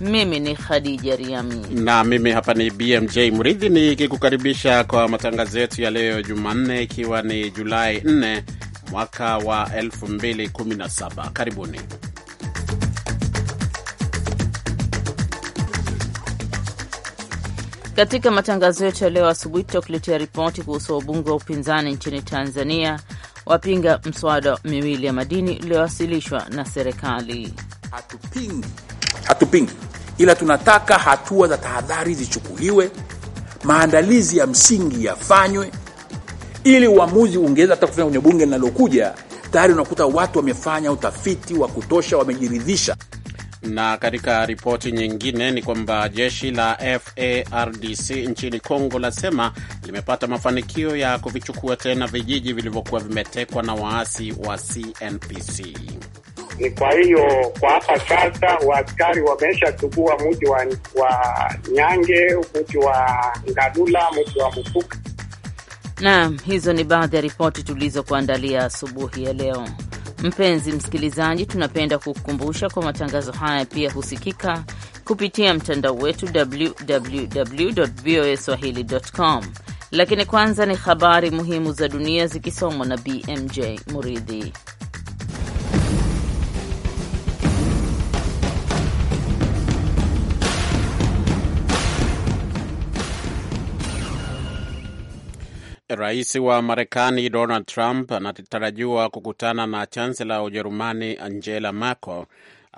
mimi ni Khadija Riami na mimi hapa ni BMJ Mridhi nikikukaribisha kwa matangazo yetu ya leo Jumanne, ikiwa ni Julai 4 mwaka wa 2017. Karibuni. Katika matangazo yetu ya leo asubuhi, tutakuletea ripoti kuhusu wabunge wa upinzani nchini Tanzania wapinga mswada miwili ya madini uliowasilishwa na serikali. Hatupingi, hatupingi ila tunataka hatua za tahadhari zichukuliwe, maandalizi ya msingi yafanywe, ili uamuzi ungeweza hata kufanya kwenye bunge linalokuja. Tayari unakuta watu wamefanya utafiti wa kutosha, wamejiridhisha. Na katika ripoti nyingine ni kwamba jeshi la FARDC nchini congo lasema limepata mafanikio ya kuvichukua tena vijiji vilivyokuwa vimetekwa na waasi wa CNPC. Ni kwa hiyo kwa hapa sasa waaskari wameshachukua mji wa, wa Nyange, mji wa Ngadula, mji wa Mufuka. Naam, hizo ni baadhi ya ripoti tulizokuandalia asubuhi ya leo. Mpenzi msikilizaji, tunapenda kukukumbusha kwa matangazo haya pia husikika kupitia mtandao wetu www voa swahili.com. Lakini kwanza ni habari muhimu za dunia zikisomwa na BMJ Muridhi. Rais wa Marekani Donald Trump anatarajiwa kukutana na chansela wa Ujerumani Angela Merkel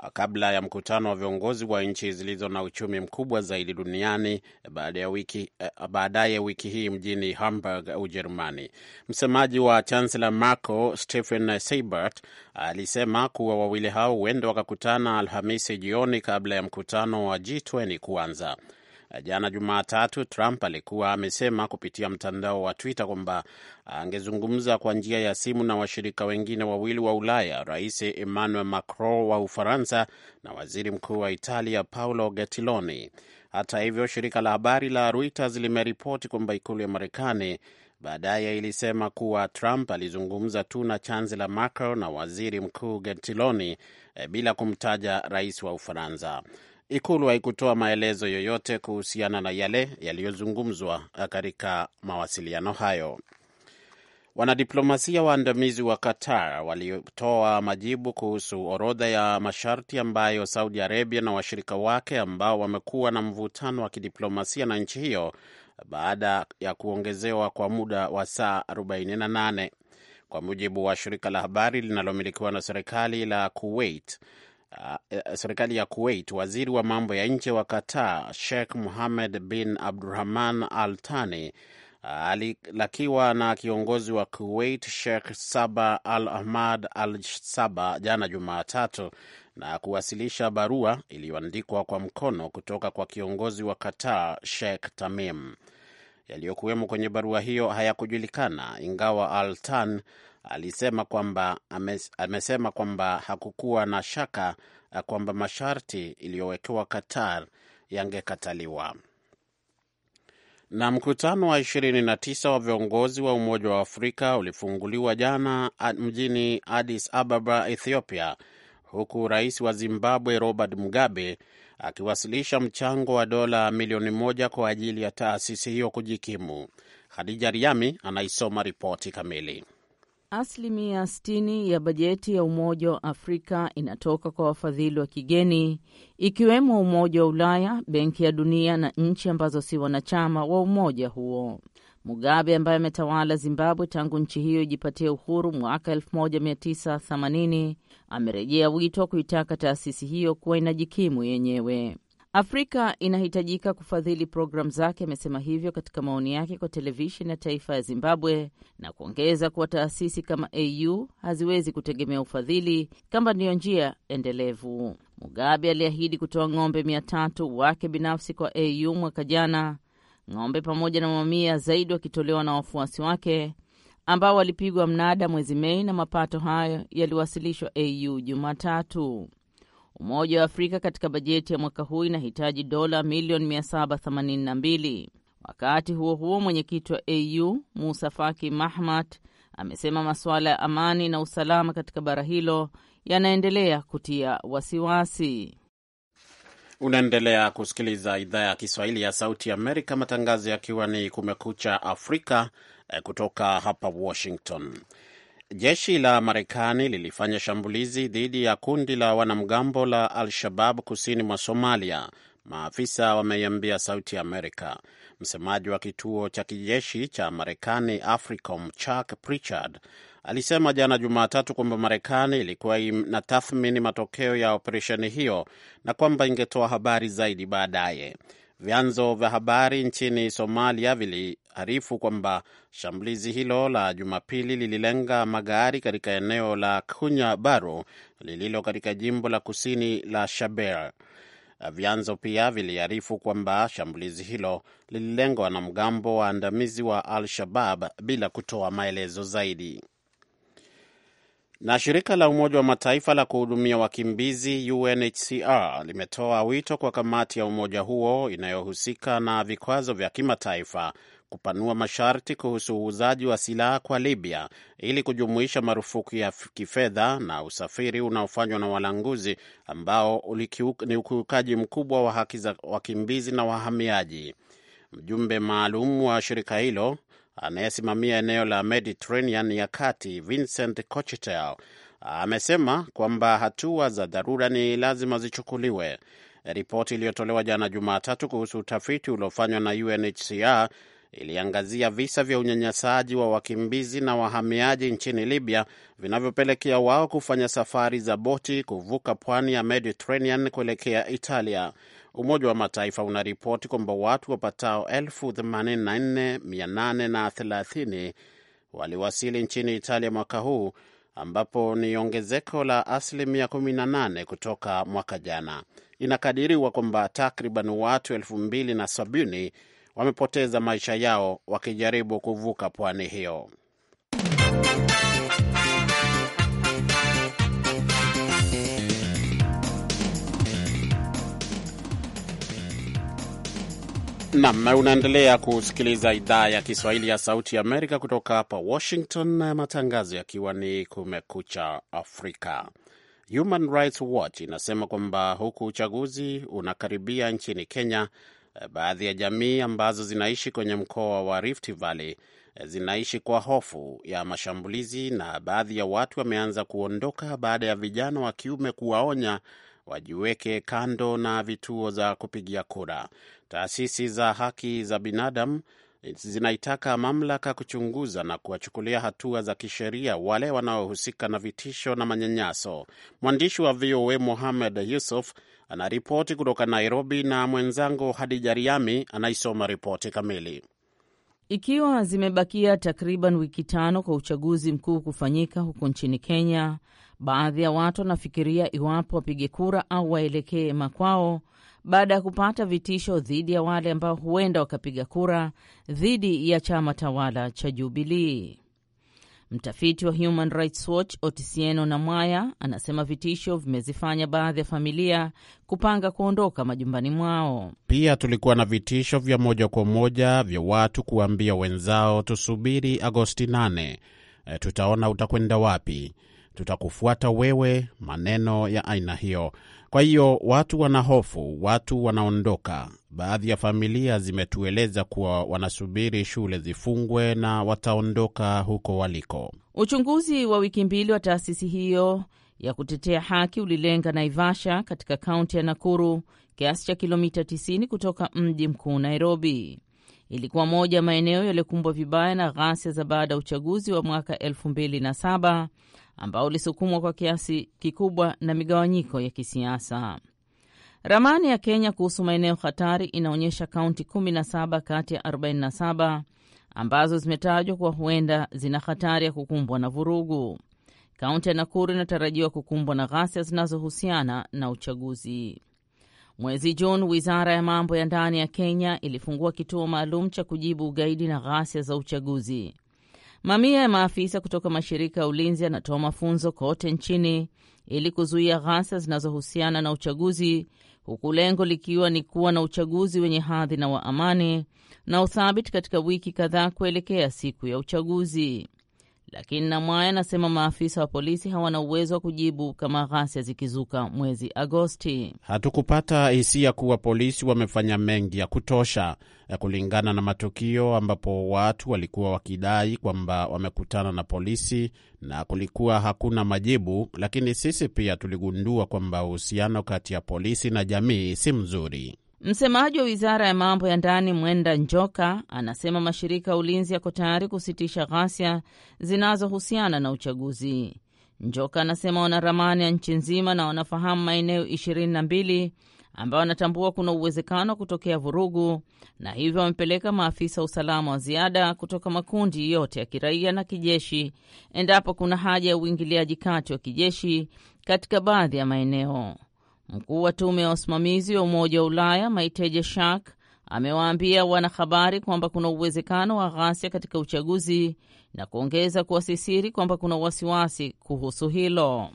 uh, kabla ya mkutano wa viongozi wa nchi zilizo na uchumi mkubwa zaidi duniani uh, uh, baadaye wiki, wiki hii mjini Hamburg, Ujerumani. Msemaji wa chancela Merkel Stephen Seibert alisema kuwa wawili hao huenda wakakutana Alhamisi jioni kabla ya mkutano wa G20 kuanza. Jana Jumatatu, Trump alikuwa amesema kupitia mtandao wa Twitter kwamba angezungumza kwa njia ya simu na washirika wengine wawili wa Ulaya, Rais Emmanuel Macron wa Ufaransa na waziri mkuu wa Italia Paolo Gentiloni. Hata hivyo, shirika la habari la Reuters limeripoti kwamba ikulu ya Marekani baadaye ilisema kuwa Trump alizungumza tu na la macro na waziri mkuu Gentiloni eh, bila kumtaja rais wa Ufaransa. Ikulu haikutoa maelezo yoyote kuhusiana na yale yaliyozungumzwa katika mawasiliano hayo. Wanadiplomasia waandamizi wa Qatar walitoa majibu kuhusu orodha ya masharti ambayo Saudi Arabia na washirika wake ambao wamekuwa na mvutano wa kidiplomasia na nchi hiyo baada ya kuongezewa kwa muda wa saa 48 kwa mujibu wa shirika la habari linalomilikiwa na serikali la Kuwait. Uh, uh, serikali ya Kuwait, waziri wa mambo ya nje wa Qatar Sheikh muhamed bin Abdurahman Al Thani uh, alilakiwa na kiongozi wa Kuwait Sheikh Saba Al Ahmad Al Saba jana Jumatatu na kuwasilisha barua iliyoandikwa kwa mkono kutoka kwa kiongozi wa Qatar Sheikh Tamim. Yaliyokuwemo kwenye barua hiyo hayakujulikana, ingawa Al Tan alisema kwamba amesema kwamba hakukuwa na shaka eh, kwamba masharti iliyowekewa Qatar yangekataliwa. Na mkutano wa 29 wa viongozi wa Umoja wa Afrika ulifunguliwa jana mjini Addis Ababa, Ethiopia, huku rais wa Zimbabwe Robert Mugabe akiwasilisha mchango wa dola milioni moja kwa ajili ya taasisi hiyo kujikimu. Khadija Riami anaisoma ripoti kamili. Asilimia 60 ya bajeti ya Umoja wa Afrika inatoka kwa wafadhili wa kigeni ikiwemo Umoja wa Ulaya, Benki ya Dunia na nchi ambazo si wanachama wa umoja huo. Mugabe ambaye ametawala Zimbabwe tangu nchi hiyo ijipatia uhuru mwaka 1980 amerejea wito wa kuitaka taasisi hiyo kuwa inajikimu yenyewe. Afrika inahitajika kufadhili programu zake. Amesema hivyo katika maoni yake kwa televisheni ya taifa ya Zimbabwe na kuongeza kuwa taasisi kama AU haziwezi kutegemea ufadhili kama ndiyo njia endelevu. Mugabe aliahidi kutoa ng'ombe mia tatu wake binafsi kwa AU mwaka jana, ng'ombe pamoja na mamia zaidi wakitolewa na wafuasi wake ambao walipigwa mnada mwezi Mei, na mapato hayo yaliwasilishwa AU Jumatatu. Umoja wa Afrika katika bajeti ya mwaka huu inahitaji dola milioni 782. Wakati huo huo, mwenyekiti wa AU Musa Faki Mahamat amesema masuala ya amani na usalama katika bara hilo yanaendelea kutia wasiwasi. Unaendelea kusikiliza idhaa ya Kiswahili ya Sauti ya Amerika, matangazo yakiwa ni Kumekucha Afrika eh, kutoka hapa Washington. Jeshi la Marekani lilifanya shambulizi dhidi ya kundi la wanamgambo la Al-Shabab kusini mwa Somalia, maafisa wameiambia Sauti Amerika. Msemaji wa kituo cha kijeshi cha Marekani AFRICOM Chuck Pritchard alisema jana Jumatatu kwamba Marekani ilikuwa inatathmini matokeo ya operesheni hiyo na kwamba ingetoa habari zaidi baadaye. Vyanzo vya habari nchini Somalia vili aliarifu kwamba shambulizi hilo la Jumapili lililenga magari katika eneo la Kunya Baro lililo katika jimbo la kusini la Shabelle. Vyanzo pia viliarifu kwamba shambulizi hilo lililenga wanamgambo waandamizi wa Al-Shabab bila kutoa maelezo zaidi. Na shirika la Umoja wa Mataifa la kuhudumia wakimbizi UNHCR limetoa wito kwa kamati ya umoja huo inayohusika na vikwazo vya kimataifa kupanua masharti kuhusu uuzaji wa silaha kwa Libya ili kujumuisha marufuku ya kifedha na usafiri unaofanywa na walanguzi ambao ni ukiukaji mkubwa wa haki za wakimbizi na wahamiaji. Mjumbe maalum wa shirika hilo anayesimamia eneo la Mediterranean ya kati Vincent Cochetel amesema kwamba hatua za dharura ni lazima zichukuliwe. Ripoti iliyotolewa jana Jumatatu kuhusu utafiti uliofanywa na UNHCR iliangazia visa vya unyanyasaji wa wakimbizi na wahamiaji nchini Libya vinavyopelekea wao kufanya safari za boti kuvuka pwani ya Mediterranean kuelekea Italia. Umoja wa Mataifa unaripoti kwamba watu wapatao 84830 waliwasili nchini Italia mwaka huu ambapo ni ongezeko la asilimia 18 kutoka mwaka jana. Inakadiriwa kwamba takriban watu elfu mbili na sabini wamepoteza maisha yao wakijaribu kuvuka pwani hiyo. Nam, unaendelea kusikiliza idhaa ya Kiswahili ya Sauti ya Amerika kutoka hapa Washington, na matangazo yakiwa ni Kumekucha Afrika. Human Rights Watch inasema kwamba huku uchaguzi unakaribia nchini Kenya, Eh, baadhi ya jamii ambazo zinaishi kwenye mkoa wa Rift Valley eh, zinaishi kwa hofu ya mashambulizi, na baadhi ya watu wameanza kuondoka baada ya vijana wa kiume kuwaonya wajiweke kando na vituo za kupigia kura. Taasisi za haki za binadamu zinaitaka mamlaka kuchunguza na kuwachukulia hatua za kisheria wale wanaohusika na vitisho na manyanyaso. Mwandishi wa VOA muhamed Yusuf anaripoti kutoka Nairobi na mwenzangu Hadija Riami anaisoma ripoti kamili. Ikiwa zimebakia takriban wiki tano kwa uchaguzi mkuu kufanyika huko nchini Kenya, baadhi ya watu wanafikiria iwapo wapige kura au waelekee makwao baada ya kupata vitisho dhidi ya wale ambao huenda wakapiga kura dhidi ya chama tawala cha Jubilii. Mtafiti wa Human Rights Watch Otisieno Namwaya anasema vitisho vimezifanya baadhi ya familia kupanga kuondoka majumbani mwao. Pia tulikuwa na vitisho vya moja kwa moja vya watu kuambia wenzao, tusubiri Agosti 8, e, tutaona utakwenda wapi, tutakufuata wewe, maneno ya aina hiyo kwa hiyo watu wana hofu, watu wanaondoka. Baadhi ya familia zimetueleza kuwa wanasubiri shule zifungwe na wataondoka huko waliko. Uchunguzi wa wiki mbili wa taasisi hiyo ya kutetea haki ulilenga Naivasha katika kaunti ya Nakuru, kiasi cha kilomita 90 kutoka mji mkuu Nairobi. Ilikuwa moja ya maeneo yaliyokumbwa vibaya na ghasia za baada ya uchaguzi wa mwaka 2007 ambao ulisukumwa kwa kiasi kikubwa na migawanyiko ya kisiasa. Ramani ya Kenya kuhusu maeneo hatari inaonyesha kaunti 17 kati ya 47 ambazo zimetajwa kuwa huenda zina hatari ya kukumbwa na vurugu. Kaunti ya Nakuru inatarajiwa kukumbwa na ghasia zinazohusiana na uchaguzi. Mwezi Juni, wizara ya mambo ya ndani ya Kenya ilifungua kituo maalum cha kujibu ugaidi na ghasia za uchaguzi. Mamia ya maafisa kutoka mashirika ya ulinzi yanatoa mafunzo kote nchini ili kuzuia ghasia zinazohusiana na uchaguzi, huku lengo likiwa ni kuwa na uchaguzi wenye hadhi na wa amani na uthabiti katika wiki kadhaa kuelekea siku ya uchaguzi lakini Namwaya anasema maafisa wa polisi hawana uwezo wa kujibu kama ghasia zikizuka mwezi Agosti. Hatukupata hisia kuwa polisi wamefanya mengi ya kutosha, eh, kulingana na matukio ambapo watu walikuwa wakidai kwamba wamekutana na polisi na kulikuwa hakuna majibu. Lakini sisi pia tuligundua kwamba uhusiano kati ya polisi na jamii si mzuri. Msemaji wa wizara ya mambo ya ndani Mwenda Njoka anasema mashirika ya ulinzi yako tayari kusitisha ghasia zinazohusiana na uchaguzi. Njoka anasema wana ramani ya nchi nzima na wanafahamu maeneo ishirini na mbili ambayo wanatambua kuna uwezekano wa kutokea vurugu, na hivyo wamepeleka maafisa wa usalama wa ziada kutoka makundi yote ya kiraia na kijeshi endapo kuna haja ya uingiliaji kati wa kijeshi katika baadhi ya maeneo. Mkuu wa tume ya usimamizi wa Umoja wa Ulaya Maiteje Shak amewaambia wanahabari kwamba kuna uwezekano wa ghasia katika uchaguzi na kuongeza kuwa kwamba kuna wasiwasi kuhusu hilo.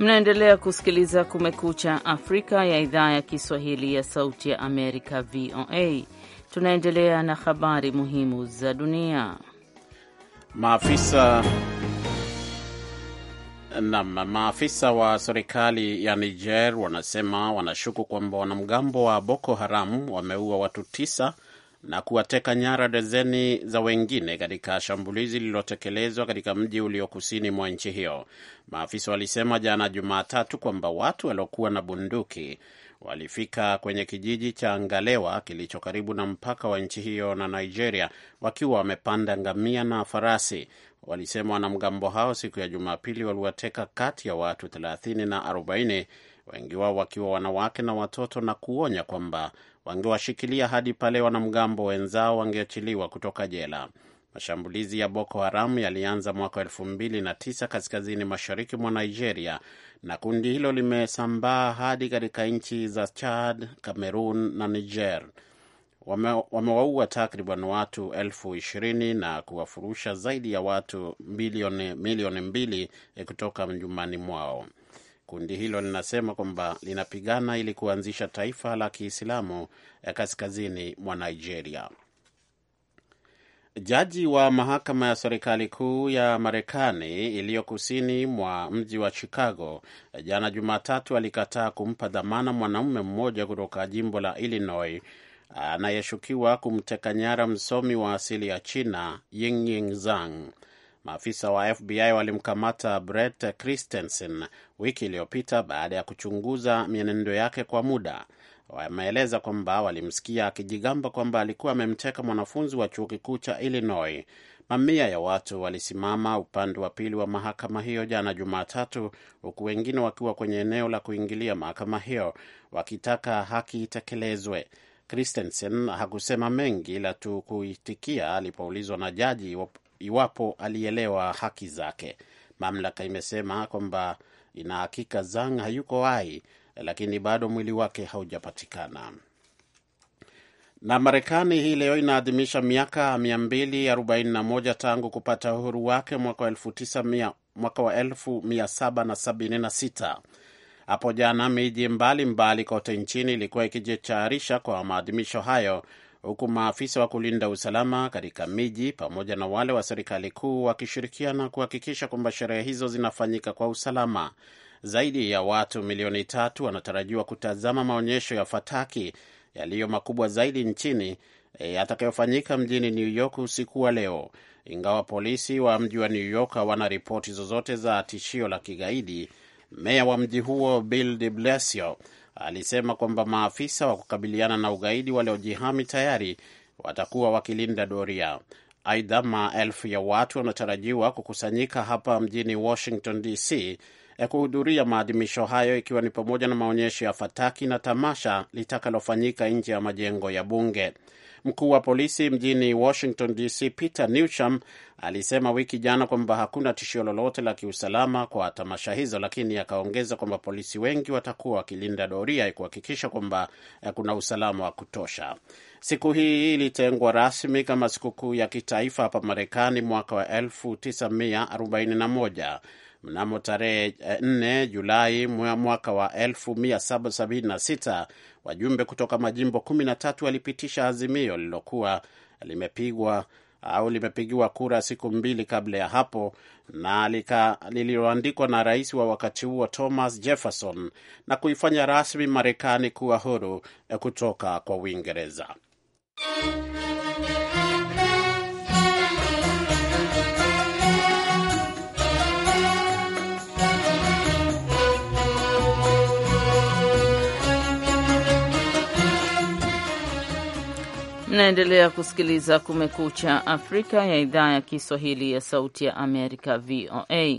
Mnaendelea kusikiliza Kumekucha Afrika ya idhaa ya Kiswahili ya Sauti ya Amerika, VOA. Tunaendelea na habari muhimu za dunia. Maafisa na maafisa wa serikali ya Niger wanasema wanashuku kwamba wanamgambo wa Boko Haram wameua watu tisa na kuwateka nyara dezeni za wengine katika shambulizi lililotekelezwa katika mji ulio kusini mwa nchi hiyo. Maafisa walisema jana Jumatatu kwamba watu waliokuwa na bunduki walifika kwenye kijiji cha Ngalewa kilicho karibu na mpaka wa nchi hiyo na Nigeria wakiwa wamepanda ngamia na farasi. Walisema wanamgambo hao siku ya Jumapili waliwateka kati ya watu 30 na 40, wengi wao wakiwa wanawake na watoto, na kuonya kwamba wangewashikilia hadi pale wanamgambo wenzao wangeachiliwa kutoka jela. Mashambulizi ya Boko Haram yalianza mwaka elfu mbili na tisa kaskazini mashariki mwa Nigeria, na kundi hilo limesambaa hadi katika nchi za Chad, Cameroon na Niger. Wamewaua takriban watu elfu ishirini na kuwafurusha zaidi ya watu milioni mbili eh, kutoka nyumbani mwao. Kundi hilo linasema kwamba linapigana ili kuanzisha taifa la Kiislamu ya eh, kaskazini mwa Nigeria. Jaji wa mahakama ya serikali kuu ya Marekani iliyo kusini mwa mji wa Chicago eh, jana Jumatatu alikataa kumpa dhamana mwanaume mmoja kutoka jimbo la Illinois anayeshukiwa kumteka nyara msomi wa asili ya China Yingying Zhang. Maafisa wa FBI walimkamata Brett Christensen wiki iliyopita baada ya kuchunguza mienendo yake kwa muda. Wameeleza kwamba walimsikia akijigamba kwamba alikuwa amemteka mwanafunzi wa chuo kikuu cha Illinois. Mamia ya watu walisimama upande wa pili wa mahakama hiyo jana Jumatatu, huku wengine wakiwa kwenye eneo la kuingilia mahakama hiyo wakitaka haki itekelezwe. Christensen hakusema mengi ila tu kuitikia alipoulizwa na jaji iwapo alielewa haki zake. Mamlaka imesema kwamba ina hakika Zhang hayuko hai, lakini bado mwili wake haujapatikana. Na Marekani hii leo inaadhimisha miaka 241 tangu kupata uhuru wake mwaka wa 1776. Hapo jana miji mbalimbali kote nchini ilikuwa ikijitayarisha kwa maadhimisho hayo huku maafisa wa kulinda usalama katika miji pamoja na wale wa serikali kuu wakishirikiana kuhakikisha kwamba sherehe hizo zinafanyika kwa usalama. Zaidi ya watu milioni tatu wanatarajiwa kutazama maonyesho ya fataki yaliyo makubwa zaidi nchini e, yatakayofanyika e, mjini New York usiku wa leo, ingawa polisi wa mji wa New York hawana ripoti zozote za tishio la kigaidi. Meya wa mji huo Bill de Blasio alisema kwamba maafisa wa kukabiliana na ugaidi waliojihami tayari watakuwa wakilinda doria. Aidha, maelfu ya watu wanatarajiwa kukusanyika hapa mjini Washington DC ya eh, kuhudhuria maadhimisho hayo ikiwa ni pamoja na maonyesho ya fataki na tamasha litakalofanyika nje ya majengo ya bunge. Mkuu wa polisi mjini Washington DC, Peter Newsham, alisema wiki jana kwamba hakuna tishio lolote la kiusalama kwa tamasha hizo, lakini akaongeza kwamba polisi wengi watakuwa wakilinda doria kuhakikisha kwamba eh, kuna usalama wa kutosha. Siku hii ilitengwa rasmi kama sikukuu ya kitaifa hapa Marekani mwaka wa 1941 mnamo tarehe 4 eh, Julai mwaka wa 1776 wajumbe kutoka majimbo 13 walipitisha azimio lililokuwa limepigwa au limepigiwa kura siku mbili kabla ya hapo na lililoandikwa na rais wa wakati huo Thomas Jefferson na kuifanya rasmi Marekani kuwa huru eh, kutoka kwa Uingereza. naendelea kusikiliza Kumekucha Afrika ya idhaa ya Kiswahili ya Sauti ya Amerika, VOA.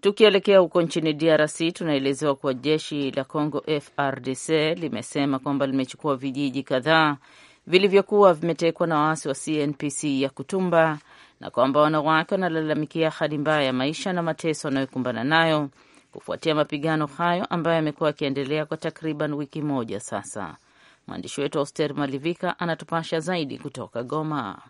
Tukielekea huko nchini DRC, tunaelezewa kuwa jeshi la Congo FRDC limesema kwamba limechukua vijiji kadhaa vilivyokuwa vimetekwa na waasi wa CNPC ya Kutumba, na kwamba wanawake wanalalamikia hali mbaya ya maisha na mateso wanayokumbana nayo kufuatia mapigano hayo ambayo yamekuwa yakiendelea kwa takriban wiki moja sasa. Mwandishi wetu Auster Malivika anatupasha zaidi kutoka Goma.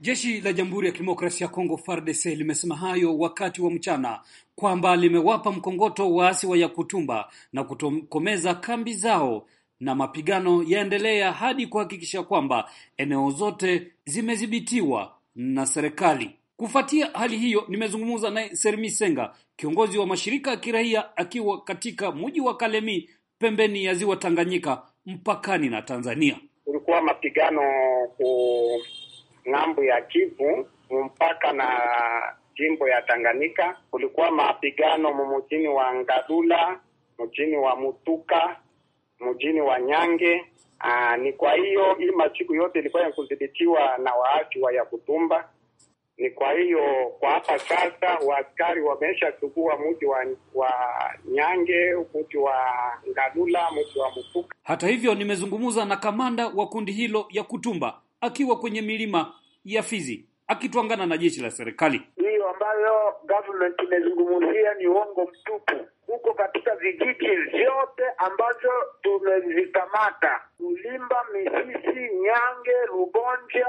Jeshi la Jamhuri ya Kidemokrasia ya Kongo FARDC limesema hayo wakati wa mchana kwamba limewapa mkongoto waasi wa Yakutumba na kutokomeza kambi zao na mapigano yaendelea hadi kuhakikisha kwamba eneo zote zimedhibitiwa na serikali. Kufuatia hali hiyo, nimezungumza naye Sermi Senga, kiongozi wa mashirika ya kiraia akiwa katika mji wa Kalemi pembeni ya ziwa Tanganyika mpakani na Tanzania. Kulikuwa mapigano ku ng'ambo ya Kivu mpaka na jimbo ya Tanganyika. Kulikuwa mapigano mumujini wa Ngadula, mujini wa Mutuka, mujini wa Nyange. Aa, ni kwa hiyo hii masiku yote ilikuwa yakudhibitiwa na waasi wa Yakutumba ni kwa hiyo kwa hapa sasa waaskari wameshachukua mji wa, wa Nyange, mji wa Ngadula, mji wa Mufuka. Hata hivyo, nimezungumza na kamanda wa kundi hilo ya Kutumba akiwa kwenye milima ya Fizi akitwangana na jeshi la serikali. Hiyo ambayo government imezungumzia ni uongo mtupu. Huko katika vijiji vyote ambazo tumevikamata Ulimba, Misisi, Nyange, Rubonja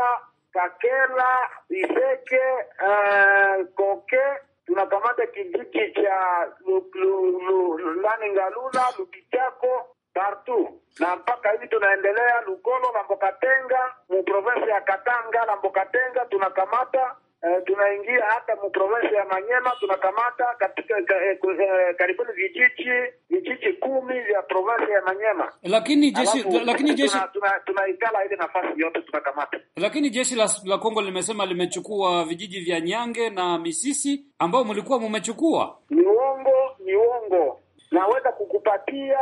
Kakela, Iseke, uh, Koke tunakamata kijiji cha Lulani Ngalula, Lukichako, Tartu na mpaka hivi tunaendelea Lukolo na Mbokatenga, mu provinsi ya Katanga na Mbokatenga tunakamata eh, tunaingia hata mprovensi ya Manyema, tunakamata katika eh, eh, karibuni vijiji vijiji kumi vya provensi ya Manyema. Lakini jeshi Alafu, lakini jeshi tunaikala tuna, tuna ile nafasi yote tunakamata. Lakini jeshi la, la Kongo limesema limechukua vijiji vya Nyange na Misisi ambao mlikuwa mmechukua. Ni uongo, ni uongo naweza kukupatia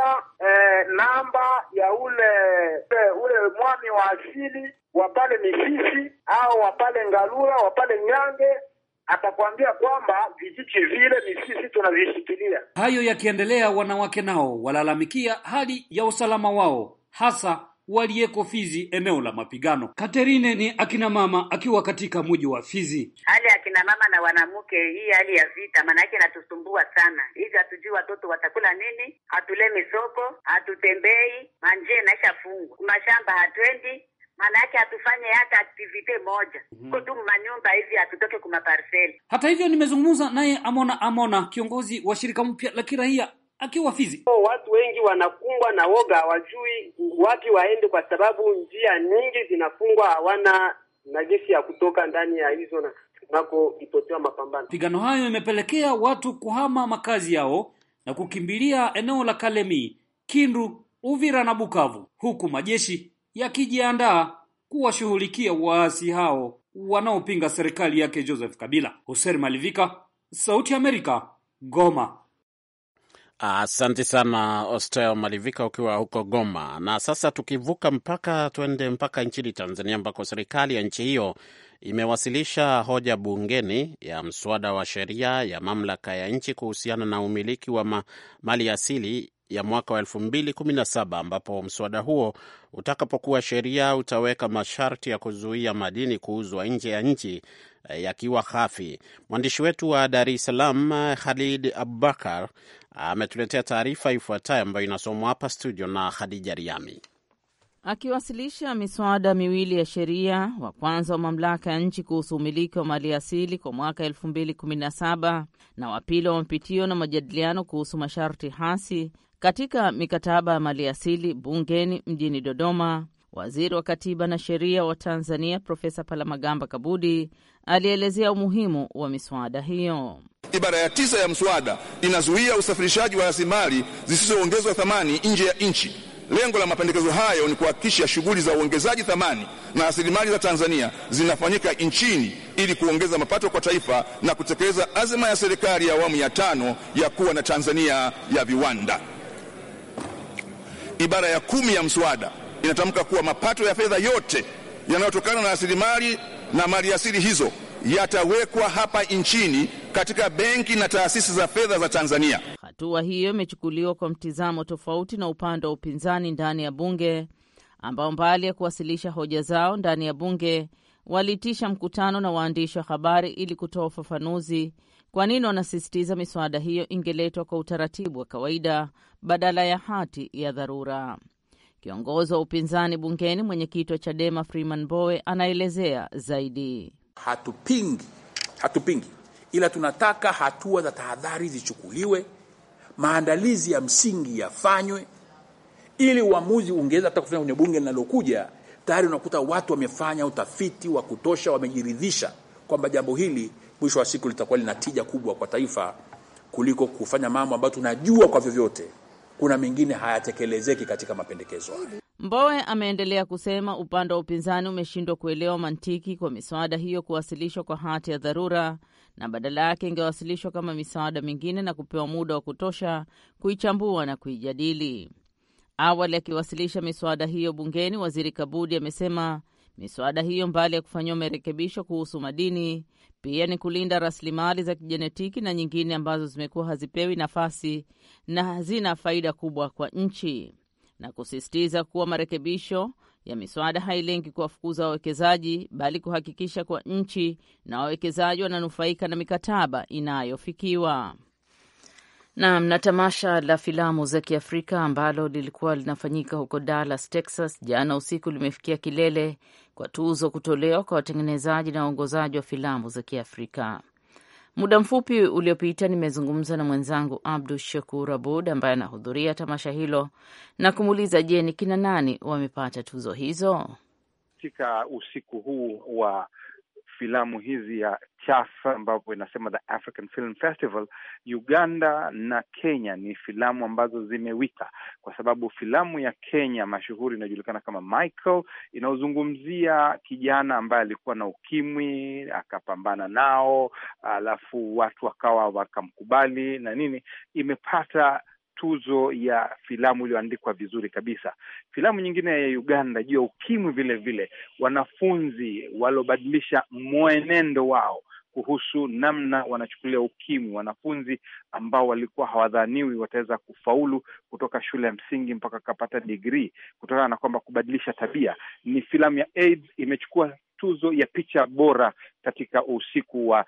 eh, namba ya ule eh, ule mwami wa asili wa pale Misisi au wa pale Ngalula wa pale Nyange atakwambia kwamba vijiji vile ni sisi tunavishikilia. Hayo yakiendelea, wanawake nao walalamikia hali ya usalama wao hasa waliyeko Fizi, eneo la mapigano. Katerine ni akina mama akiwa katika mji wa Fizi. Hali ya akina mama na wanamke, hii hali ya vita maanake inatusumbua sana hivi, hatujui watoto watakula nini, hatulemi soko, hatutembei, manjie naisha fungwa, mashamba maana yake hatufanye hata aktivite moja huko mhm. tu manyumba hivi, hatutoke kumaparseli. Hata hivyo, nimezungumza naye Amona Amona, kiongozi wa shirika mpya la kiraia akiwa Fizi. watu wengi wanakumbwa na woga, hawajui wapi waende, kwa sababu njia nyingi zinafungwa, hawana na ya kutoka ndani ya hizo na nako ipotea mapambano. Pigano hayo imepelekea watu kuhama makazi yao na kukimbilia eneo la Kalemi, Kindu, Uvira na Bukavu, huku majeshi yakijiandaa kuwashughulikia waasi hao wanaopinga serikali yake Joseph Kabila. Hussein Malivika, Sauti ya Amerika, Goma. Asante uh, sana Ostel Malivika ukiwa huko Goma. Na sasa tukivuka mpaka tuende mpaka nchini Tanzania, ambako serikali ya nchi hiyo imewasilisha hoja bungeni ya mswada wa sheria ya mamlaka ya nchi kuhusiana na umiliki wa ma, mali asili ya mwaka wa saba ambapo mswada huo utakapokuwa sheria utaweka masharti ya kuzuia madini kuuzwa nje ya nchi eh, yakiwa hafi. Mwandishi wetu wa Dar es Salaam eh, Khalid Abubakar ametuletea taarifa ifuatayo ambayo inasomwa hapa studio na Khadija Riami. Akiwasilisha miswada miwili ya sheria, wa kwanza wa mamlaka ya nchi kuhusu umiliki wa mali asili kwa mwaka 2017 na wa pili wa mapitio na majadiliano kuhusu masharti hasi katika mikataba ya mali asili bungeni mjini Dodoma, waziri wa katiba na sheria wa Tanzania Profesa Palamagamba Kabudi alielezea umuhimu wa miswada hiyo. Ibara ya tisa ya mswada inazuia usafirishaji wa rasilimali zisizoongezwa thamani nje ya nchi. Lengo la mapendekezo hayo ni kuhakikisha shughuli za uongezaji thamani na rasilimali za Tanzania zinafanyika nchini ili kuongeza mapato kwa taifa na kutekeleza azma ya serikali ya awamu ya tano ya kuwa na Tanzania ya viwanda. Ibara ya kumi ya mswada inatamka kuwa mapato ya fedha yote yanayotokana na rasilimali na maliasili hizo yatawekwa hapa nchini katika benki na taasisi za fedha za Tanzania. Hatua hiyo imechukuliwa kwa mtizamo tofauti na upande wa upinzani ndani ya bunge ambao mbali ya kuwasilisha hoja zao ndani ya bunge waliitisha mkutano na waandishi wa habari ili kutoa ufafanuzi kwa nini wanasisitiza miswada hiyo ingeletwa kwa utaratibu wa kawaida badala ya hati ya dharura. Kiongozi wa upinzani bungeni, mwenyekiti wa Chadema Freeman Mbowe anaelezea zaidi. Hatupingi, hatupingi, ila tunataka hatua za tahadhari zichukuliwe, maandalizi ya msingi yafanywe, ili uamuzi ungeweza hata kufanya kwenye bunge linalokuja. Tayari unakuta watu wamefanya utafiti wa kutosha, wamejiridhisha kwamba jambo hili mwisho wa siku litakuwa lina tija kubwa kwa taifa kuliko kufanya mambo ambayo tunajua kwa vyovyote kuna mengine hayatekelezeki katika mapendekezo hayo. Mbowe ameendelea kusema upande wa upinzani umeshindwa kuelewa mantiki kwa miswada hiyo kuwasilishwa kwa hati ya dharura, na badala yake ingewasilishwa kama miswada mingine na kupewa muda wa kutosha kuichambua na kuijadili. Awali akiwasilisha miswada hiyo bungeni, waziri Kabudi amesema miswada hiyo mbali ya kufanyiwa marekebisho kuhusu madini pia ni kulinda rasilimali za kijenetiki na nyingine ambazo zimekuwa hazipewi nafasi na hazina faida kubwa kwa nchi, na kusisitiza kuwa marekebisho ya miswada hailengi kuwafukuza wawekezaji, bali kuhakikisha kwa nchi na wawekezaji wananufaika na mikataba inayofikiwa. Naam, na tamasha la filamu za Kiafrika ambalo lilikuwa linafanyika huko Dallas, Texas, jana usiku limefikia kilele kwa tuzo kutolewa kwa watengenezaji na waongozaji wa filamu za Kiafrika. Muda mfupi uliopita nimezungumza na mwenzangu Abdu Shakur Abud ambaye anahudhuria tamasha hilo na kumuuliza, je, ni kina nani wamepata tuzo hizo? Katika usiku huu wa filamu hizi ya CHAF ambapo inasema the African Film Festival, Uganda na Kenya ni filamu ambazo zimewika, kwa sababu filamu ya Kenya mashuhuri inayojulikana kama Michael inaozungumzia kijana ambaye alikuwa na ukimwi akapambana nao, alafu watu wakawa wakamkubali na nini, imepata tuzo ya filamu iliyoandikwa vizuri kabisa. Filamu nyingine ya Uganda juu ya ukimwi vile vile, wanafunzi waliobadilisha mwenendo wao kuhusu namna wanachukulia ukimwi. Wanafunzi ambao walikuwa hawadhaniwi wataweza kufaulu kutoka shule ya msingi mpaka wakapata digrii, kutokana na kwamba kubadilisha tabia. Ni filamu ya AIDS imechukua tuzo ya picha bora katika usiku wa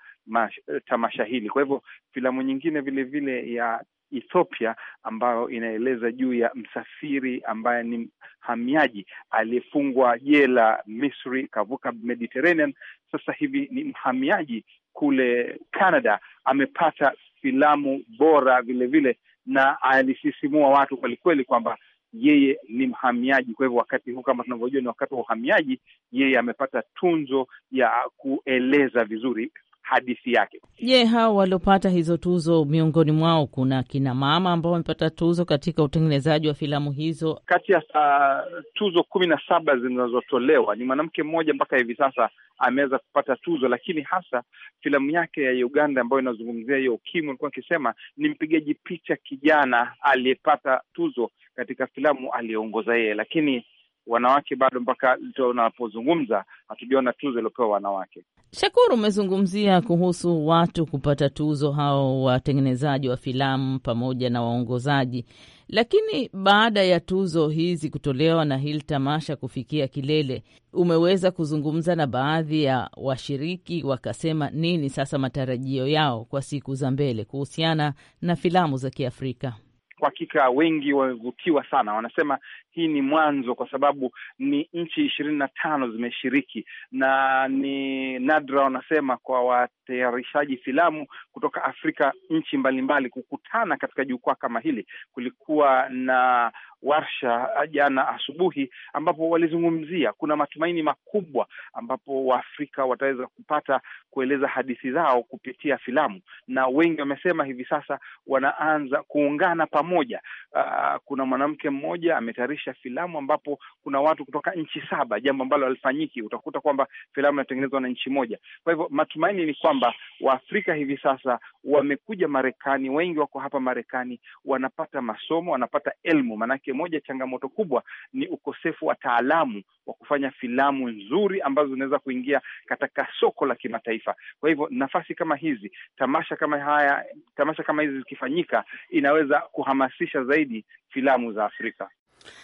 tamasha hili. Kwa hivyo filamu nyingine vilevile vile ya Ethiopia ambayo inaeleza juu ya msafiri ambaye ni mhamiaji aliyefungwa jela Misri, kavuka Mediterranean, sasa hivi ni mhamiaji kule Canada. Amepata filamu bora vilevile vile, na alisisimua watu kwelikweli kwamba yeye ni mhamiaji. Kwa hivyo wakati huu kama tunavyojua ni wakati wa uhamiaji, yeye amepata tunzo ya kueleza vizuri hadithi yake. Je, hao waliopata hizo tuzo, miongoni mwao kuna kina mama ambao wamepata tuzo katika utengenezaji wa filamu hizo? Kati ya uh, tuzo kumi na saba zinazotolewa ni mwanamke mmoja mpaka hivi sasa ameweza kupata tuzo, lakini hasa filamu yake ya Uganda ambayo inazungumzia hiyo ukimwi, alikuwa akisema ni mpigaji picha kijana aliyepata tuzo katika filamu aliyoongoza yeye, lakini wanawake bado mpaka tunapozungumza hatujaona tuzo iliopewa wanawake. Shakuru, umezungumzia kuhusu watu kupata tuzo, hao watengenezaji wa filamu pamoja na waongozaji, lakini baada ya tuzo hizi kutolewa na hili tamasha kufikia kilele, umeweza kuzungumza na baadhi ya washiriki, wakasema nini sasa matarajio yao kwa siku za mbele kuhusiana na filamu za Kiafrika? kwa hakika wengi wamevutiwa sana. Wanasema hii ni mwanzo, kwa sababu ni nchi ishirini na tano zimeshiriki na ni nadra, wanasema kwa watayarishaji filamu kutoka Afrika nchi mbalimbali kukutana katika jukwaa kama hili. Kulikuwa na warsha ah, jana asubuhi, ambapo walizungumzia kuna matumaini makubwa ambapo Waafrika wataweza kupata kueleza hadithi zao kupitia filamu, na wengi wamesema hivi sasa wanaanza kuungana pamoja. Uh, kuna mwanamke mmoja ametayarisha filamu ambapo kuna watu kutoka nchi saba, jambo ambalo halifanyiki. Utakuta kwamba filamu inatengenezwa na nchi moja. Kwa hivyo matumaini ni kwamba Waafrika hivi sasa wamekuja Marekani, wengi wako hapa Marekani, wanapata masomo, wanapata elimu, maanake moja changamoto kubwa ni ukosefu wa taalamu wa kufanya filamu nzuri ambazo zinaweza kuingia katika soko la kimataifa. Kwa hivyo nafasi kama hizi, tamasha kama haya, tamasha kama hizi zikifanyika, inaweza kuhamasisha zaidi filamu za Afrika.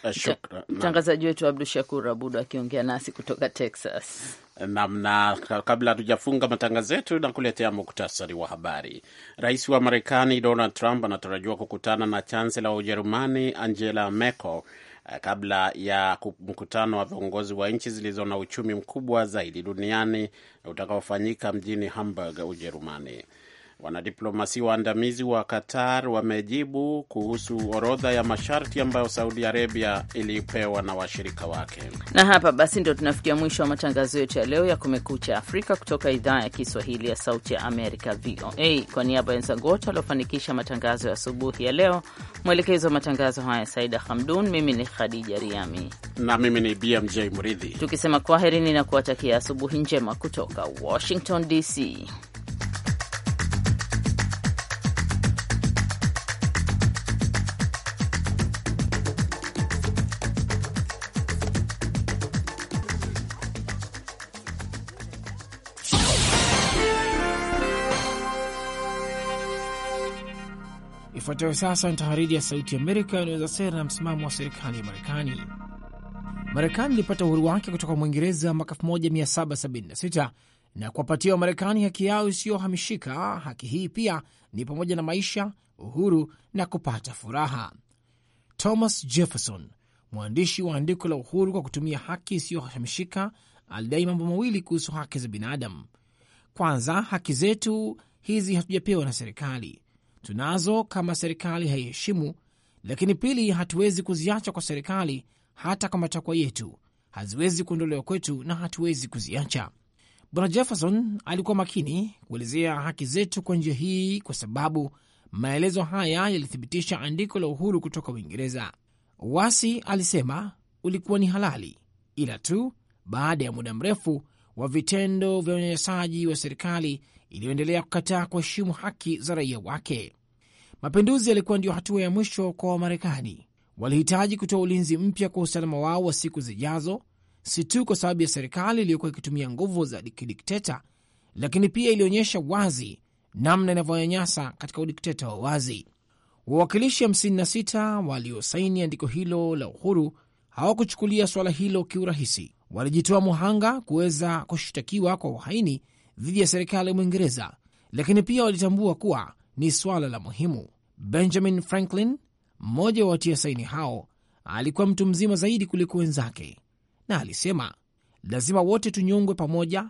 Eh, eh, mtangazaji wetu Abdu Shakur Abud akiongea nasi kutoka Texas. Eh, namna kabla hatujafunga matangazo yetu, nakuletea muktasari wa habari. Rais wa Marekani Donald Trump anatarajiwa kukutana na chansela wa Ujerumani Angela Merkel kabla ya mkutano wa viongozi wa nchi zilizo na uchumi mkubwa zaidi duniani utakaofanyika mjini Hamburg, Ujerumani. Wanadiplomasia waandamizi wa Qatar wamejibu kuhusu orodha ya masharti ambayo Saudi Arabia ilipewa na washirika wake. Na hapa basi ndio tunafikia mwisho wa matangazo yetu ya leo ya Kumekucha Afrika kutoka idhaa ya Kiswahili ya Sauti ya Amerika, VOA. Kwa niaba ya wenzangu wote waliofanikisha matangazo ya asubuhi ya leo, mwelekezi wa matangazo haya Saida Hamdun, mimi ni Khadija Riami na mimi ni BMJ Mridhi, tukisema kwaherini na kuwatakia asubuhi njema kutoka Washington DC. Ifuatayo sasa ni tahariri ya Sauti Amerika inaweza sera na msimamo wa serikali ya Marekani. Marekani ilipata uhuru wake kutoka Mwingereza mwaka 1776 na kuwapatia Wamarekani haki yao isiyohamishika. Haki hii pia ni pamoja na maisha, uhuru na kupata furaha. Thomas Jefferson, mwandishi wa andiko la uhuru kwa kutumia haki isiyohamishika, alidai mambo mawili kuhusu haki za binadamu. Kwanza, haki zetu hizi hatujapewa na serikali tunazo kama serikali haiheshimu, lakini pili, hatuwezi kuziacha kwa serikali. Hata kwa matakwa yetu haziwezi kuondolewa kwetu na hatuwezi kuziacha. Bwana Jefferson alikuwa makini kuelezea haki zetu kwa njia hii, kwa sababu maelezo haya yalithibitisha andiko la uhuru kutoka Uingereza. Uasi, alisema, ulikuwa ni halali, ila tu baada ya muda mrefu wa vitendo vya unyanyasaji wa serikali iliyoendelea kukataa kuheshimu haki za raia wake. Mapinduzi yalikuwa ndiyo hatua ya mwisho kwa Wamarekani. Walihitaji kutoa ulinzi mpya kwa usalama wao wa siku zijazo, si tu kwa sababu ya serikali iliyokuwa ikitumia nguvu za kidikteta, lakini pia ilionyesha wazi namna inavyonyanyasa katika udikteta wa wazi. Wawakilishi 56 waliosaini andiko hilo la uhuru hawakuchukulia suala hilo kiurahisi. Walijitoa muhanga kuweza kushtakiwa kwa uhaini dhidi ya serikali ya mwingereza lakini pia walitambua kuwa ni swala la muhimu. Benjamin Franklin, mmoja wa watia saini hao, alikuwa mtu mzima zaidi kuliko wenzake, na alisema lazima wote tunyongwe pamoja,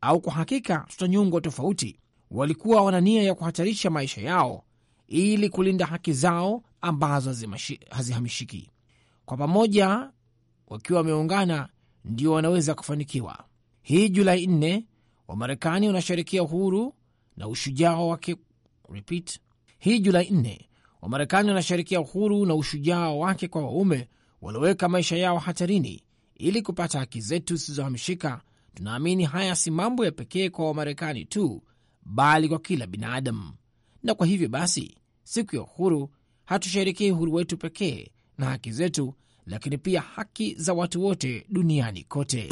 au kwa hakika tutanyongwa tofauti. Walikuwa wana nia ya kuhatarisha maisha yao ili kulinda haki zao ambazo hazihamishiki. Kwa pamoja, wakiwa wameungana, ndio wanaweza kufanikiwa. Hii Julai Wamarekani wanasherekea uhuru na ushujaa wake. Repeat. Hii Julai nne Wamarekani wanasherekea uhuru na ushujaa wake kwa waume walioweka maisha yao hatarini ili kupata haki zetu zisizohamishika. Tunaamini haya si mambo ya pekee kwa Wamarekani tu bali kwa kila binadamu, na kwa hivyo basi, siku ya uhuru hatusherekei uhuru wetu pekee na haki zetu, lakini pia haki za watu wote duniani kote.